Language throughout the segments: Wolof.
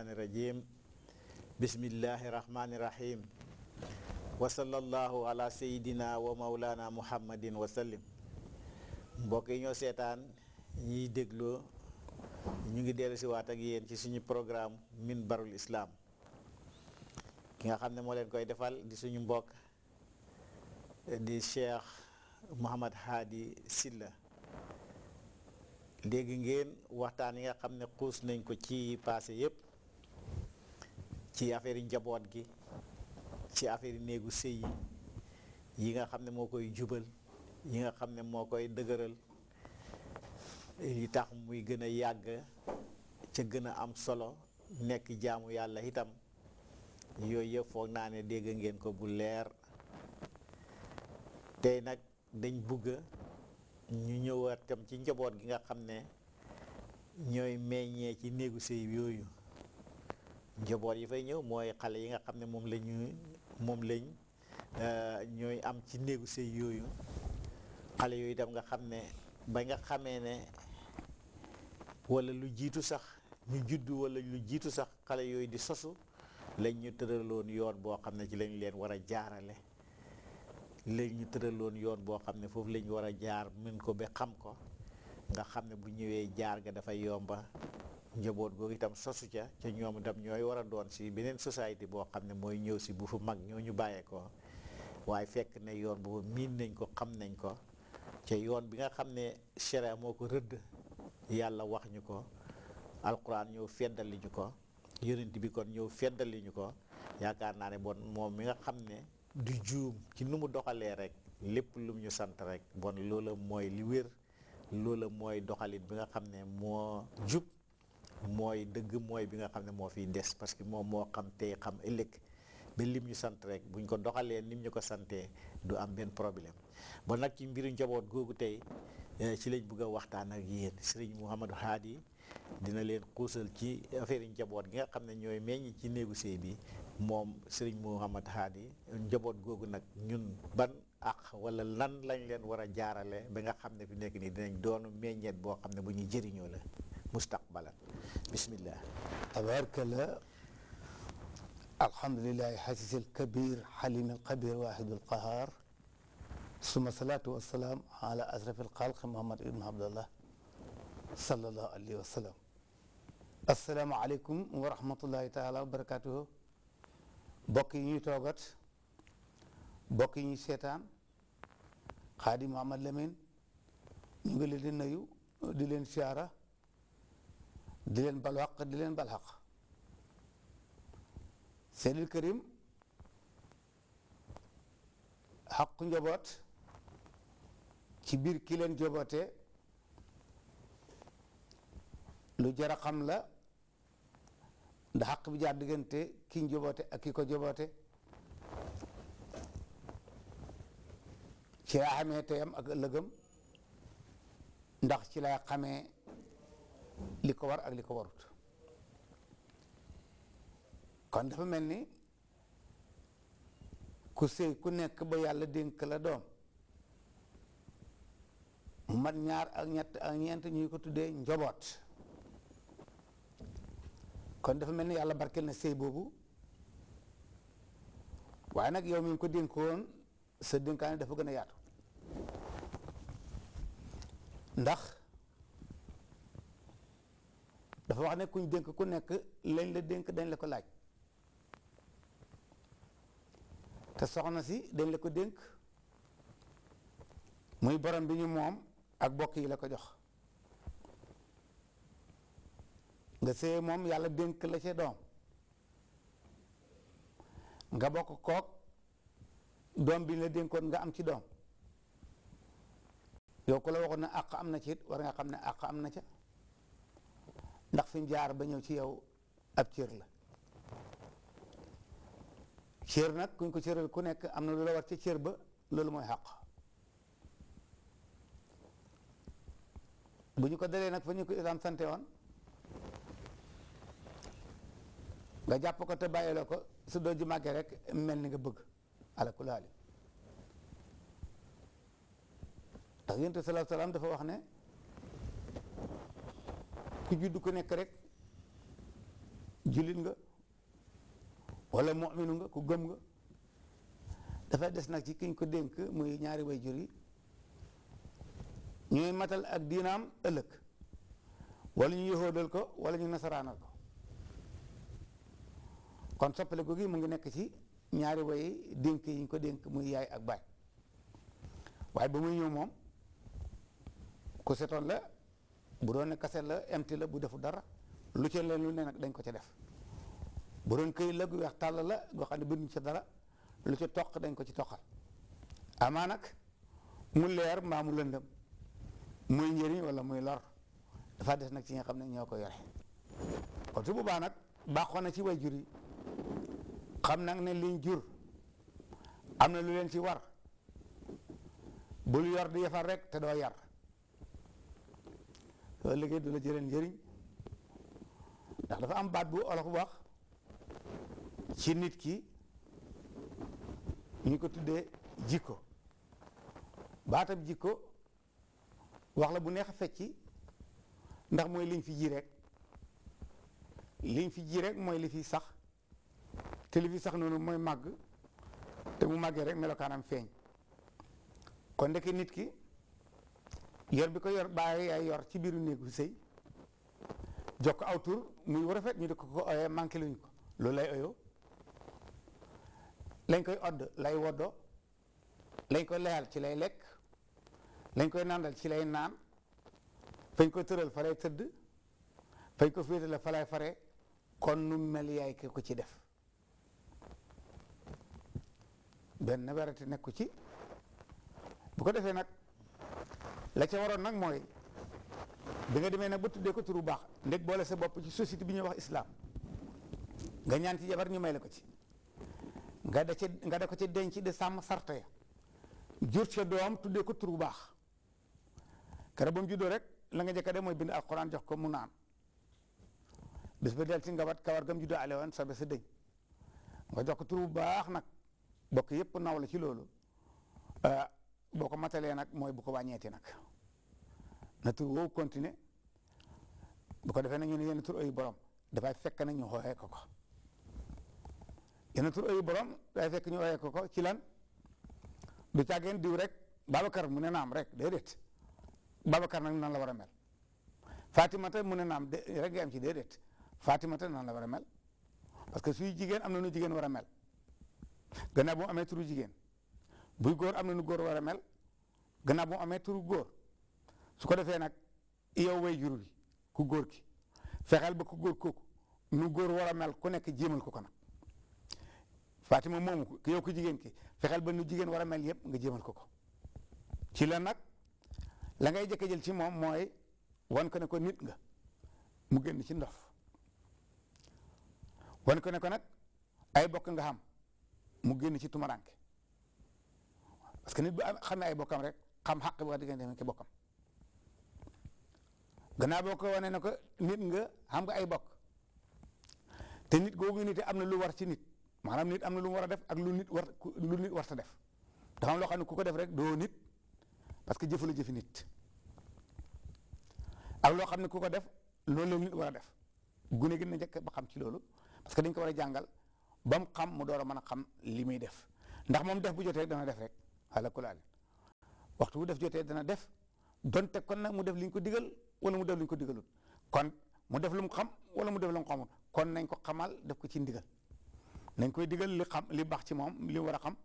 Bismillahirrahmanirrahim. Bismillahirrahmanirrahim. Wa sallallahu ala sayidina wa maulana Muhammadin wa sallim. Mbok yi ñoo sétan ñi déglo ñu ngi délé ci wat ak yeen ci suñu programme Minbarul Islam. Ki nga xamne mo leen koy defal di suñu mbok di Cheikh Muhammad Hadi Silla. Légui ngeen waxtaan yi nga xamne xus nañ ko ci passé yépp. ci affaire yi njaboot gi ci affaire néegu sëy yi yi nga xam ne moo koy jubal yi nga xam ne moo koy dëgëral yi tax muy gën a yàgg ca gën a am solo nekk jaamu yàlla itam yooyu yëpp naa ne dégg ngeen ko bu leer tey nag dañ bugg ñu ñëwaat tam ci njaboot gi nga xam ne ñooy meññee ci néegu sëy yooyu njaboot yi fay ñëw mooy xale yi nga xam ne moom lañu moom lañ euh, ñooy am ci néegu sëy yooyu xale yooyu itam nga xam ne ba nga xamee ne wala lu jiitu sax ñu juddu walla lu jiitu sax xale yooyu di sosu lañ ñu tëraloon yoon boo xam ne ci lañ leen war a jaarale lañ ñu tëraloon yoon boo xam ne foofu lañ war a jaar mën ko ba xam ko nga xam ne bu ñëwee jaar ga dafay yomba njaboot googu itam sosu ca ca ñoom itam ñooy war a doon si beneen société boo xam ne mooy ñëw si bu fu mag ñoo ñu bàyyeekoo waaye fekk ne yoon boobu miin nañ ko xam nañ ko ca yoon bi nga xam ne sharia moo ko rëdd yàlla wax ñu ko alquran ñëw feddali ko yonent bi kon ñëw feddali ñu ko yaakaar naa ne bon moom mi nga xam ne du juum ci nu mu doxalee rek lépp lu ñu sant rek bon loola mooy li wér loola mooy doxalin bi nga xam ne moo jub mooy dëgg mooy bi nga xam ne moo fiy des parce que moom moo xam tey xam ëllëg ba lim ñu sant rek buñ ko doxalee lim ñu ko santee du am benn problème ba nag ci mbiru njaboot googu tey eh, ci lañ bëgg a waxtaan ak yéen sëriñ Mouhamadou Hadi dina leen xuusal ci affaire njaboot gi nga xam ne ñooy meññ ci néegu sëy bi moom sëriñ Mouhamad Hadi njaboot googu nag ñun ban ak wala lan lañ leen war a jaarale ba nga xam ne fi nekk nii dinañ doon meññeet boo xam ne bu ñuy jëriñoo la mustaqbalan bismillah tabaarkalla alhamdulilahi xasis alkabir xalim alxabir waahidu alqahaar suma salaatu wassalaam ala asraf alxalq muhammad ibn abdallah sallallahu alayhi wa sallam assalaamu aleykum wa rahmatullahi taala wa barakatuhu bokk yi ñuy toogat bokk yi ñuy seetaan xaadi Muhammad Lamin ñu ngi leen di nuyu di leen siyaara di leen bal xaq di leen bal xaq seydil karim xaqu njaboot ci biir ki leen joboote lu jar a la ndax xaq bi jaar diggante ki njoboote ak ki ko joboote ci laa xamee teyam ak ëllëgam ndax ci laa xamee li ko war ak li ko warut kon dafa mel ni ku sëy ku nekk ba yàlla dénk la doom mat ñaar ak ñett ak ñuy ko tuddee njaboot kon dafa mel ni yàlla barkeel na sëy boobu waaye nag yow mi ngi ko dénkoon sa dénkaane dafa gën a yaatu ndax dafa wax ne kuñ dénk ku nekk lañ la dénk dañ la ko laaj te soxna si dañ la ko dénk muy borom bi ñu moom ak bokk yi la ko jox nga sëye moom yàlla dénk la ca doom nga bokk kook doom bi ñu la dénkoon nga am ci doom yow ku la waxoon na àq am na ci war nga xam ne àq am na ca ndax fi mu ba ñëw ci yow ab cër la cër nag kuñ ko cëral ku nekk am na lu la war ci cër ba loolu mooy xaq bu ñu ko dalee nag fa ñu ko islaam sante woon nga jàpp ko te la ko su doo ji màggee rek mel ni nga bëgg ala kulaali ndax yonent sallallahu alayhi wa sallam dafa wax ne ku judd ko nekk rek jullit nga walla mu'minu nga ku gëm nga dafay des nag ci kiñ ko dénk muy ñaari way jur yi ñooy matal ak diinaam ëllëg wala ñu yëxoodal ko wala ñu nasaraanal ko kon soppale ko gi mu ngi nekk ci ñaari way dënk yi ñu ko dénk muy yaay ak baay waaye ba muy ñëw moom ku setoon la bu doon ne kaset la mt la bu defu dara lu ca leen lu ne nag dañ ko ca def bu doon këy la gu weex tàll la goo xam ne binduñ ca dara lu ca toq dañ ko ci toqal amaa nag mu leer mbaa mu lëndëm muy njëriñ wala muy lor dafa des nag ci nga xam ne ñoo ko yore kon su baa nag baaxoon na ci way jur yi xam na ne liñ jur am na lu leen ci war bu yor di yefar rek te doo yar soo liggéey du la jëriñ njëriñ ndax dafa am baat bu olof wax ci nit ki ñu ko tuddee jikko baatam jikko wax la bu neex a fecci ndax mooy liñ fi ji rek liñ fi ji rek mooy li fi sax te li fi sax noonu mooy màgg te mu màggee rek melokaanam feeñ kon ndeke nit ki yor bi ko yor bàyyi yaay yor ci biiru néegu sëy jokk aw tur muy war rafet ñu di ko ko oyee manqué luñ ko loolu lay oyoo lañ koy odd lay woddo lañ koy layal ci lay lekk lañ koy nàndal ci lay naan fañ ko tëral fa lay tëdd fañ ko féetale fa lay fare kon nu mel yaay ki ko ci def benn werante nekk ci bu ko defee nag la ci waroon nag mooy bi nga demee nag ba tuddee ko turu baax ndeg boole sa bopp ci société bi ñuy wax islam nga ñaan ci jabar ñu may la ko ci nga da ci nga da ko ci denc de sàmm sarta ya jur ca doom tuddee ko turu baax kara bu mu juddoo rek la nga njëkk a dem mooy bind alquran jox ko mu naan bis ba del ci nga wat kawar gam ale woon sa sa dëñ nga jox ko turu baax nag bokk yépp naw la ci loolu ah, boo ko matalee nag mooy bu ko wàññeeti nag na tur woowu continuer bu ko defee na ñu ne yenn tur ayu borom dafay fekk na ñu xooyee ko ko yenn tur ayu borom dafay fekk ñu xooyee ko ko ci lan du caageen diw rek Babacar mu ne naam rek déedéet Babacar nag nan la war a mel Fatimata mu ne naam de rek nga am ci déedéet Fatimata nan la war a mel parce que suy jigéen am na nu jigéen war a mel gannaaw boo amee turu jigéen. buy góor am na nu góor war a mel gannaaw bu amee turu góor su ko defee nag yow way jur bi ku góor ki fexeel ba ku góor kooku nu góor war a mel ku nekk jéemal ko ko nag Fatima moomu ko yow ku jigéen ki fexeel ba nu jigéen war a mel yëpp nga jéemal ko ko ci lan nag la ngay jëkk jël ci moom mooy wan ko ne ko nit nga mu génn ci ndof wan ko ne nag ay bokk nga xam mu génn ci tumaranke parce que nit bu am xamee ay bokkam rek xam xaq bi wax diggante mi ki bokkam gannaaw boo ko wane ko nit nga xam nga ay bokk te nit googu nit am na lu war ci nit maanaam nit am na lu war a def ak lu nit war lu nit war ta def dafa loo xam ne ku ko def rek doo nit parce que jëfu la jëfi nit ak loo xam ne ku ko def loolu la nit war a def gune gi na njëkk ba xam ci loolu parce que dañ ko war a jàngal ba mu xam mu door a mën a xam li muy def ndax moom def bu jotee dana def rek ala kulaalin waxtu bu def jotee dana def donte kon na mu def li ñu ko digal wala mu def li ñu ko digalul kon mu def lu mu xam wala mu def lu mu xamul kon nañ ko xamal def ko ci ndigal nañ koy digal li xam li baax ci moom li mu war a xam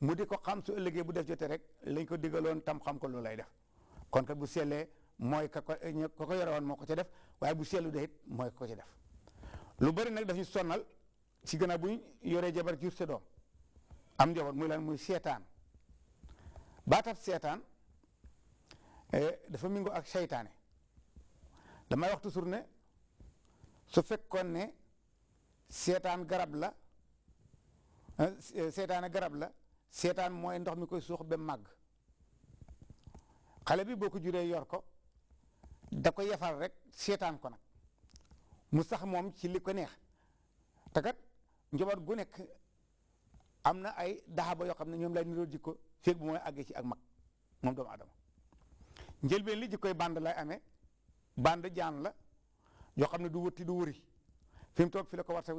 mu di ko xam su ëllëgee bu def jotee rek lañ ko digaloon tam xam ko loolu lay def kon kat bu sellee mooy ka ko ka ko yore woon moo ko ca def waaye bu sellu de mooy ko ci def lu bëri nag daf ñu sonal ci gannaaw bu ñu yoree jabar jur sa doom am njaboot muy lan muy seetaan baatab seetaan e, dafa mingoo ak seytaane damay wax toujours ne su fekkoon ne seetaan garab la e, seetaane garab la seetaan mooy ndox mi koy suux ba màgg xale bi boo ko juree yor ko da ko yafal rek seetaan ko nag mu sax moom ci li ko neex te kat gu nekk am na ay daxaba yoo xam ne ñoom lay niroo jikko feeg bu mooy àggee ci ak mag moom doomu adama njëlbeen li jikkoy band lay ame band jaan la yoo xam ne du wëtti du wëri fi mu toog fi la ko war sa